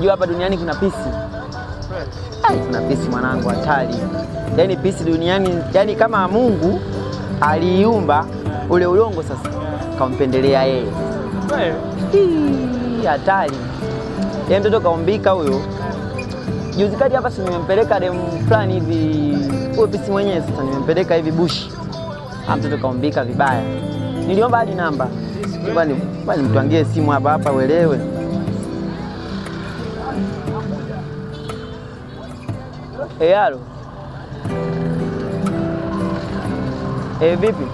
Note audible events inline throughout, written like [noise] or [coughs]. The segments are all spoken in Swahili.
Unajua hapa duniani kuna pisi, kuna pisi mwanangu, hatari. Yaani pisi duniani, yaani kama Mungu aliiumba ule ulongo sasa kampendelea yeye, hatari. ye yaani mtoto kaumbika huyo. Juzi kati hapa, si nimempeleka demu fulani hivi, huyo pisi mwenyewe. Sasa nimempeleka hivi bushi, ah, mtoto kaumbika vibaya. Niliomba hadi namba, bali mtwangie simu hapa hapa, uelewe Eyalo. Eh, vipi?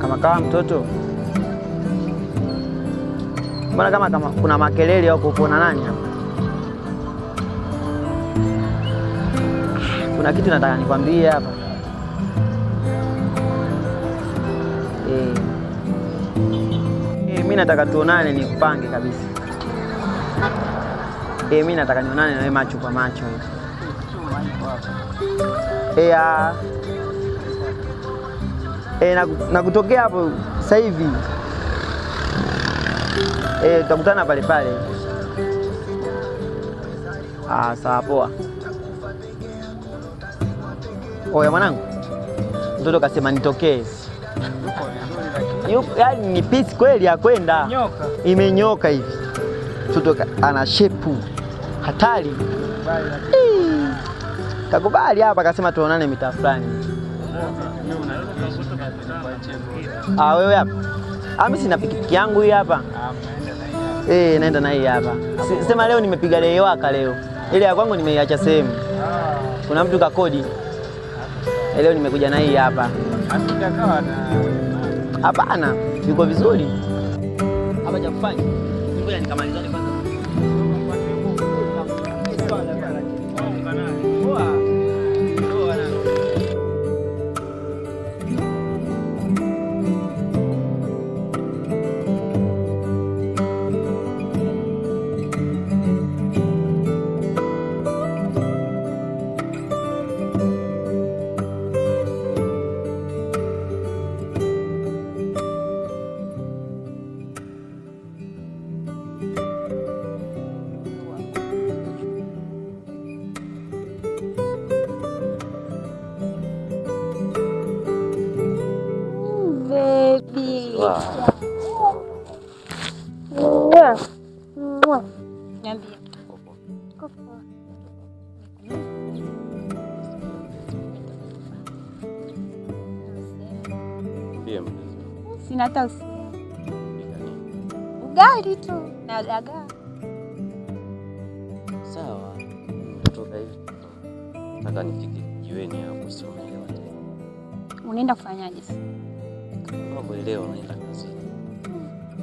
Kama kawa mtoto mbona kama kama kuna makelele au na nani hapa? Kuna kitu nataka nikwambie hapa. Eh. Eh, mimi nataka tuonane nikupange kabisa. Eh, mimi nataka nionane na macho kwa macho hivi. Eh, ah. eh na kutokea hapo sasa hivi. Eh, tutakutana pale pale. Ah, sawa poa. Oya mwanangu, mtoto kasema nitokee. Yaani ni peace kweli ya kwenda imenyoka hivi, mtoto ana shepu hatari. Kakubali hapa akasema tuonane mitaa fulani. Ah, wewe hapa? Ami ah, sina pikipiki yangu hii hapa. Eh, naenda na hii hapa. Sema leo nimepiga leo waka leo. Ile ya kwangu nimeiacha sehemu. Kuna mtu kakodi. Eh, leo nimekuja na hii hapa. Hapana, yuko vizuri. Hapa cha Ngoja nikamalizane. Sina hata ugali tu na dagaa. Sawa, kutoka hivi nataka nifike jiweni hapo, sielewa. Unaenda kufanyaje sasa? Kama kulilewa kazini.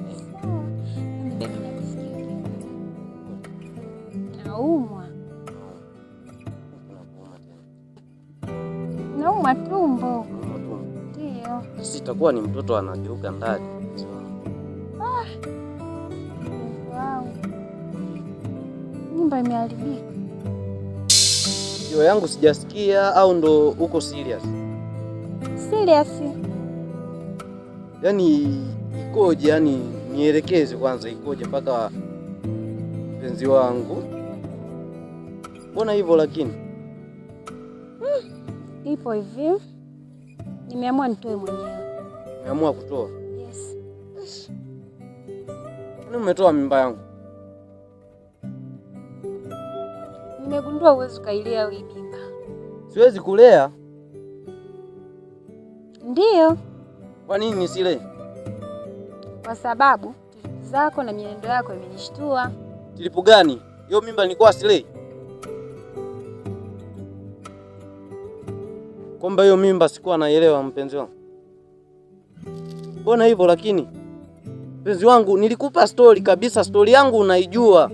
Eh. Ndio. ni mtoto anageuka ndani. Ah. Nyumba imeharibika. yangu sijasikia au ndo uko serious? Serious yani ikoje? Yani nielekeze kwanza, ikoje mpaka mpenzi wangu? Mbona hivyo lakini? Hmm, ipo hivi, nimeamua nitoe mwenyewe. Nimeamua kutoa? Yes. Ni umetoa mimba yangu? Nimegundua uwezi kailea hii mimba. Siwezi kulea? Ndiyo. Kwa nini nisile? Kwa sababu tilipu zako na mienendo yako imenishtua. Tilipu gani? Hiyo mimba nilikuwa sile. Kwamba hiyo mimba sikuwa naielewa mpenzi wangu. Mbona hivyo lakini? Mpenzi wangu nilikupa stori kabisa, stori yangu unaijua.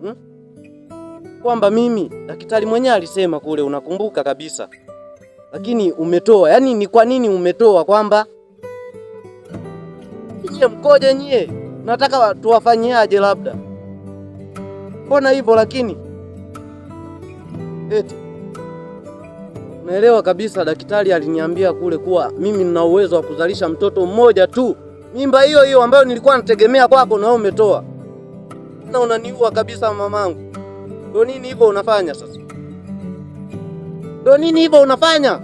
Hmm? Kwamba mimi daktari mwenyewe alisema kule, unakumbuka kabisa lakini umetoa. Yaani ni kwa nini umetoa? Kwamba nyie mkoje? Nyie nataka tuwafanyiaje? Labda mbona hivyo? Lakini eti naelewa kabisa, daktari aliniambia kule kuwa mimi nina uwezo wa kuzalisha mtoto mmoja tu, mimba hiyo hiyo ambayo nilikuwa nategemea kwako, na wewe umetoa na unaniua kabisa mamangu. Ndio nini hivyo unafanya sasa? Ndio nini hivyo unafanya?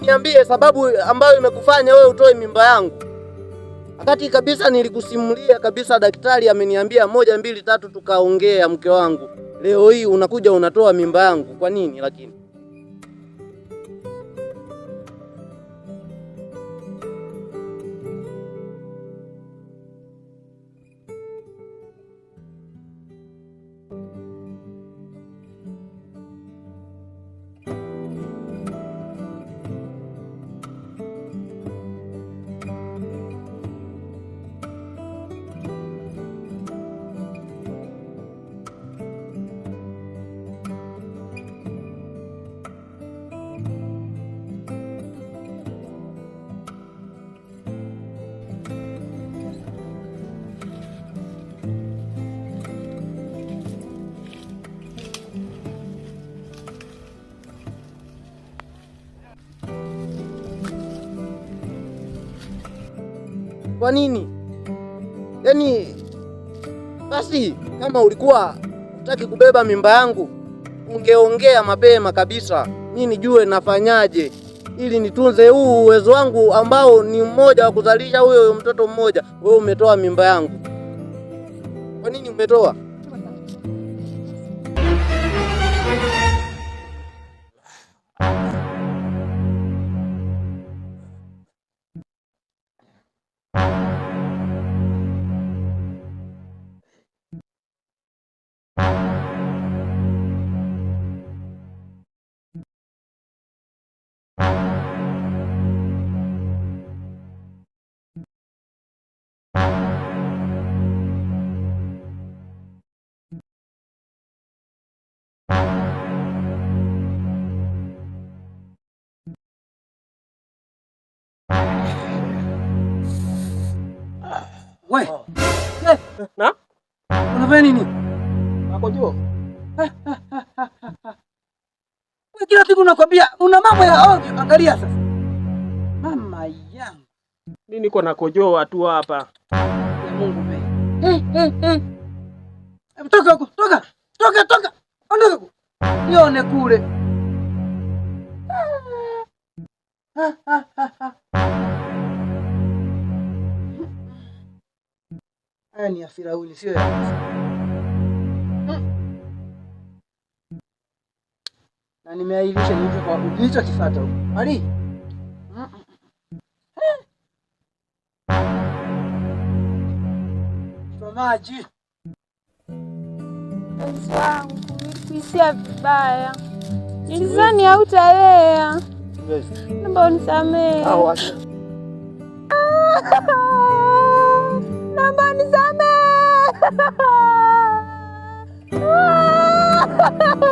Niambie sababu ambayo imekufanya wewe utoe mimba yangu, wakati kabisa nilikusimulia kabisa, daktari ameniambia moja mbili tatu, tukaongea mke wangu. Leo hii unakuja unatoa mimba yangu kwa nini lakini? Kwa nini? Yaani basi kama ulikuwa hutaki kubeba mimba yangu ungeongea mapema kabisa, mimi nijue nafanyaje ili nitunze huu uwezo wangu ambao ni mmoja wa kuzalisha huyo mtoto mmoja. Wewe umetoa mimba yangu, kwa nini umetoa? We. Oh. Eh, eh. Na? Unafanya nini? Nakojoa. Eh, eh, Wewe kila siku nakwambia una mambo ya ovyo, angalia sasa. Mama yangu. Mimi niko nakojoa tu hapa. Mungu mimi. Eh, eh, eh. Toka huko, toka. Toka, toka. Ondoka huko. Nione kule. Ah. Ah, ah, ah, ah. haya ni ya Firauni, sio ya Musa. Hmm. na nimeahirisha hivyo kwa ulichokifata huko ali hmm. maji kuisia vibaya, nilizani hautalewa, naomba unisamehe. 笑 [laughs]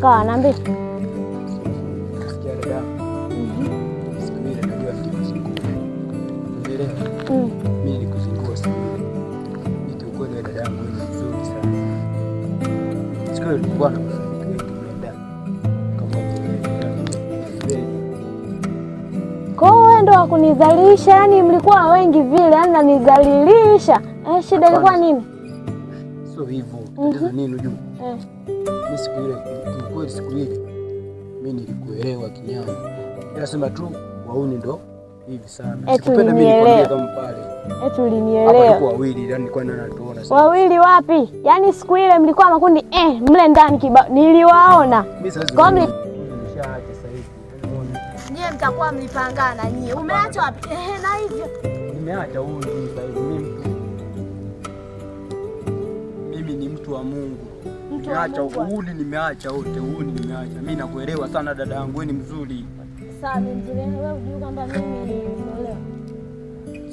mwaka wa nambe ko ndo wakunizalilisha, yani mlikuwa wengi vile, yani nanizalilisha. Eh, shida ilikuwa nini? Sio hivyo, mhm. tatizo nini unajua? siku ile kweli, siku ile mimi nilikuelewa kinyama, nasema tu wauni ndo hivi sana, sikupenda mimi nikwambie kama pale eti ulinielewa. Wawili yani nilikuwa nani tuona sasa? Wawili wapi? Yani siku ile mlikuwa makundi eh, mle ndani kibao niliwaona. Kwa mimi sasa mli nyie mtakuwa mlipangana nyie. Umeacha wapi? Eh, na hivyo nimeacha huyu. sasa hivi mimi. Mimi ni mtu wa Mungu nimeacha uhuni, nimeacha wote uhuni, nimeacha. Mimi nakuelewa sana dada yangu, wewe ni mzuri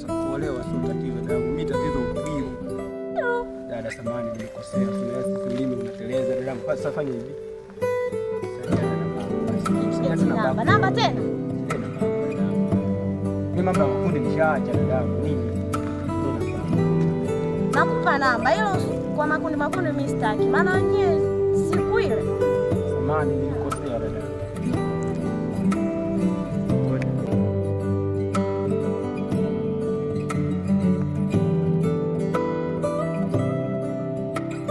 kuolewa, sio tatizo dada yangu. Mimi tatizo dada, nimekosea, unateleza dada yangu. Sasa fanya hivi, namba tena mambo ya kundi nishaacha dada yangu, nakupa namba hilo kwa makundi makundi, mimi sitaki, maana wenyewe siku ile samani nilikosea dada.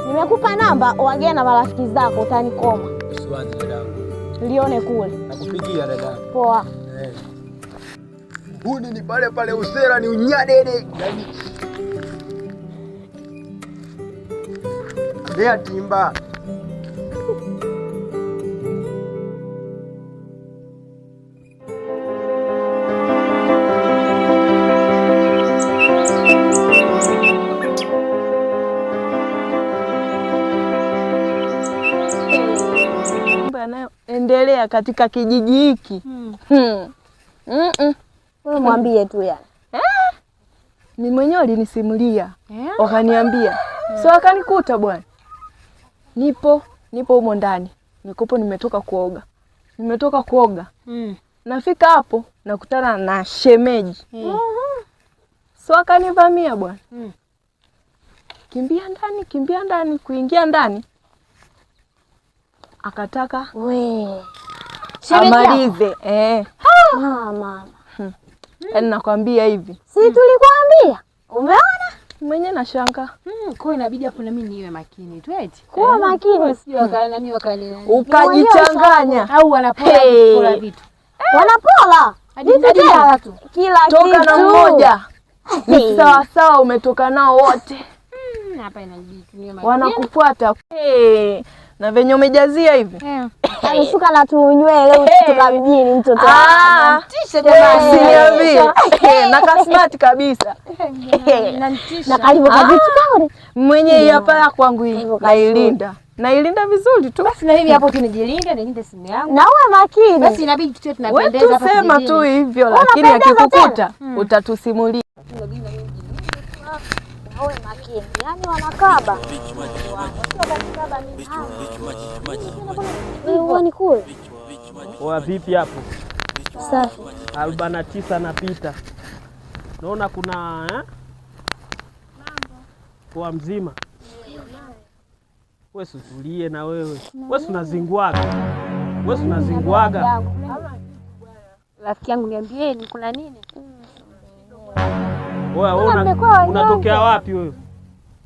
Nimekupa namba, uongee na marafiki zako, utanikoma lione kule. Nakupigia dada. Poa. Eh. Huni ni pale pale, usera ni unyadede. Yaani Mzee atimba. Endelea katika kijiji hiki hmm. hmm. mm -mm. Mwambie tu yani eh? Ni mwenyewe alinisimulia eh? wakaniambia, yeah. so akanikuta bwana nipo nipo humo ndani, nikopo nimetoka kuoga, nimetoka kuoga mm. Nafika hapo nakutana na shemeji mm. mm. So akanivamia bwana mm. Kimbia ndani, kimbia ndani, kuingia ndani akataka we amalize eh. Ah, mama, hmm. yaani nakwambia hivi, si hmm. tulikwambia, umeona mwenye na shanga hmm. Kwa hiyo inabidi hapo mimi niwe makini tu, eti kuwa yaani, makini, sio wakala mimi wakala ukajichanganya, au eh. wanapola hey. vitu wanapola kila kitu toka na mmoja [laughs] ni sawa sawa, umetoka nao wote hmm. Wanakufuata hey na venye umejazia hivi eh. [coughs] ameshuka na tunywe leo kutoka eh. mjini mtoto ah, eh. [laughs] na kasmati kabisa na karibu kabisa ah, mwenye hapa ya kwangu hivi nailinda nailinda vizuri tu basi, na mimi hapo tu nijilinde, nilinde simu yangu na uwe makini. Basi inabidi tu tunapendeza hapa, tusema tu hivyo, lakini akikukuta hmm. utatusimulia wawe makini, yaani kule oya. Vipi hapo? Safi. arobaini na tisa napita, naona kuna eh? kwa mzima wesi, tulie na wewe wesi, unazingwaga wesi, unazingwaga rafiki yangu, niambieni kuna nini? Wewe una unatokea wapi wewe?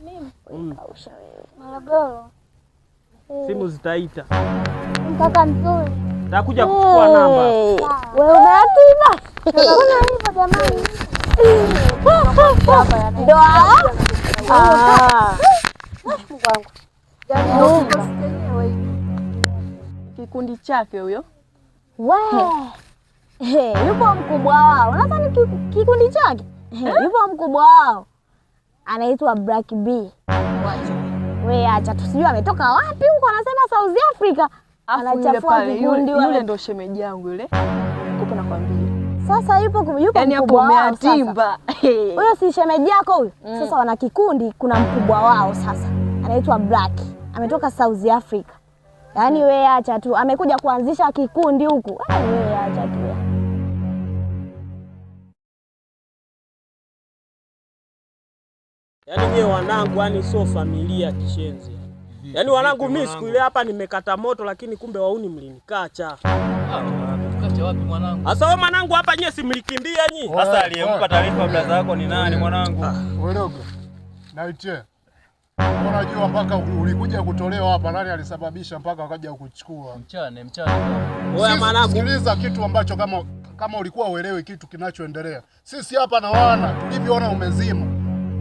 Mm. huyo? Morogoro. Eh. Simu zitaita. Mkaka mzuri. Takuja eh. kuchukua namba. Wewe una unaiba? Kuna hivyo jamani. Ah. Kikundi chake huyo eh, Yupo mkubwa wao, nadhani kikundi chake Yupo mkubwa wao anaitwa Black B. We acha tusijue ametoka wapi huko, anasema South Africa, anachafua vikundi. Yule ndo shemeji yangu yule, kupo nakwambia sasa yupo yupo yaani mkubwa wao sasa. [laughs] Huyo si shemeji yako huyo? Mm. Sasa wana kikundi, kuna mkubwa wao sasa anaitwa Black, ametoka South Africa. Yaani wewe acha tu, amekuja kuanzisha kikundi huku. Wewe acha tu. Yaani nyie wanangu, yani sio familia kishenzi. Yaani wanangu, mimi siku ile hapa nimekata moto, lakini kumbe wauni mlinikacha. Sasa wewe mwanangu, hapa nyie simlikimbia nyi? Sasa aliyempa taarifa blaza yako ni nani mwanangu? Ah, wewe naitie Unajua mpaka ulikuja kutolewa hapa, nani alisababisha mpaka wakaja kukuchukua? Mchane mchane. Wewe mwanangu, sikiliza kitu ambacho kama kama ulikuwa uelewe kitu kinachoendelea. Sisi hapa na wana tulivyoona umezima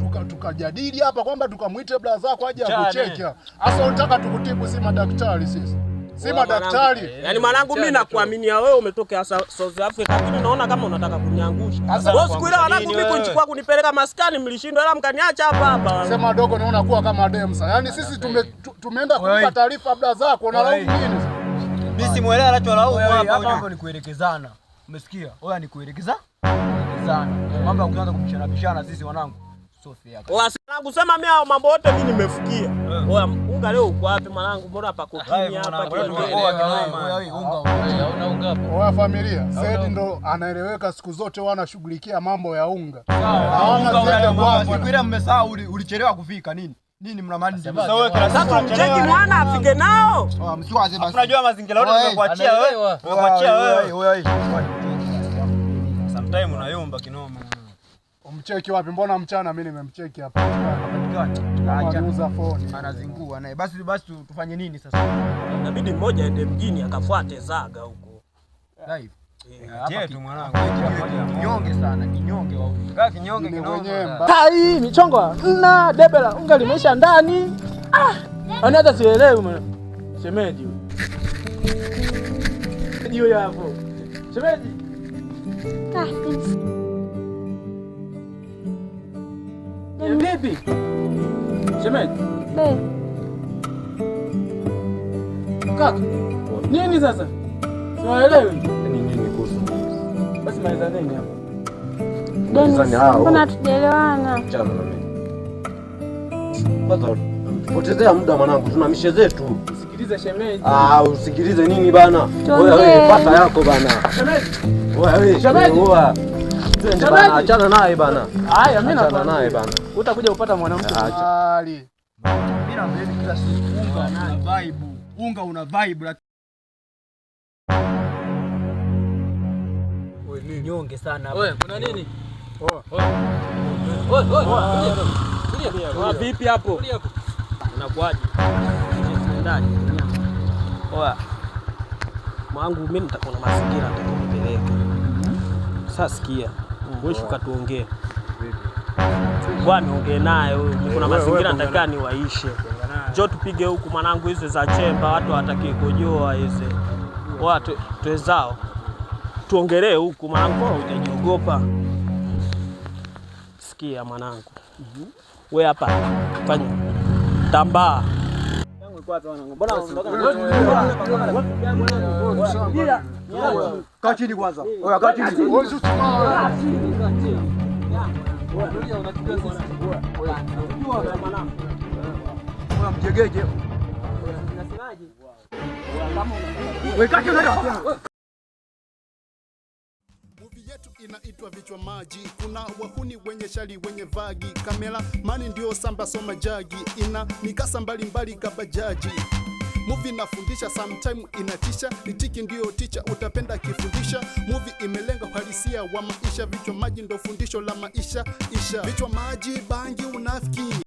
tukajadili tuka hapa kwamba tukamwite bla zako aje akucheke. Sasa unataka tukutibu si madaktari sisi. Si madaktari. Yaani mwanangu mimi nakuaminia wewe umetoka South Africa lakini naona kama unataka kunyangusha. Wewe siku ile wanangu mimi kunichukua kunipeleka maskani mlishindwa ila mkaniacha hapa hapa. Sema dogo naona kuwa kama demsa. Yaani sisi tume, tumeenda kukupa taarifa bla zako na laumu nini? Mimi simuelewa hapa. Hapa Hapo ni kuelekezana. Umesikia? Wewe ni kuelekeza kuelekezana. Mambo ya kuanza kubishana bishana sisi wanangu. Lasi sema mimi hao mambo yote mimi nimefikia. Eh. Oya unga leo uko wapi mwanangu? Mbona hapa hapa Oya familia, Said ndo anaeleweka siku zote wanashughulikia mambo ya unga. Hawana mmesahau ulichelewa kufika nini? Nini mnamani? Sasa mwana afike nao. Ah, msiwaze basi. Ah, Unajua mazingira yote tunakuachia wewe. Tunakuachia wewe. kinoma. Mcheki wapi? Mbona mchana mimi nimemcheki hapa. Anauza phone. Anazingua naye. Basi basi tufanye nini sasa? Inabidi mmoja aende mjini akafuate zaga huko. Live. Tai michongo na debela unga limeisha ndani. Ah, hata sielewi mwana. Shemeji. Shemeji. Ah, Vipi shemeji? Kaka, nini sasa? Siwaelewi. Basi maliza nini hapo? Mbona hatujaelewana? Potezea muda mwanangu, tuna mishe zetu. Usikilize shemeji. Ah, usikilize nini bana? Wewe pata yako bana. Shemeji. Wewe. Shemeji. Achana naye bana. Haya, mimi na naye bana utakuja kupata mwanamke mahali. Mimi mbele kila siku unga vibe. Unga una vibe. Wewe nyonge sana hapa. kuna nini? Vipi hapo? Unakuaje? Unaendaje? Oa. Mwangu mimi nitakuwa na mazingira nitakupeleka. Mhm. Sasa sikia. Mm. Wewe ukatuongea ngoja niongee naye huyu, kuna mazingira nataka niwaishe. Njoo tupige huku mwanangu, hizo za chemba watu hawataki kujua hizo, watu twezao tuongelee huku mwanangu, hujajiogopa. Sikia mwanangu, we hapa fanya tambaa kachini kwanza mjegeje yetu inaitwa vichwa maji. Kuna wahuni wenye shari wenye vagi, kamera mani ndio samba soma jagi, ina mikasa mbalimbali kabajaji Movie inafundisha, sometime inatisha, nitiki ndiyo ticha, utapenda kifundisha. Movie imelenga uhalisia wa maisha, vichwa maji ndo fundisho la maisha isha, vichwa maji, bangi, unafiki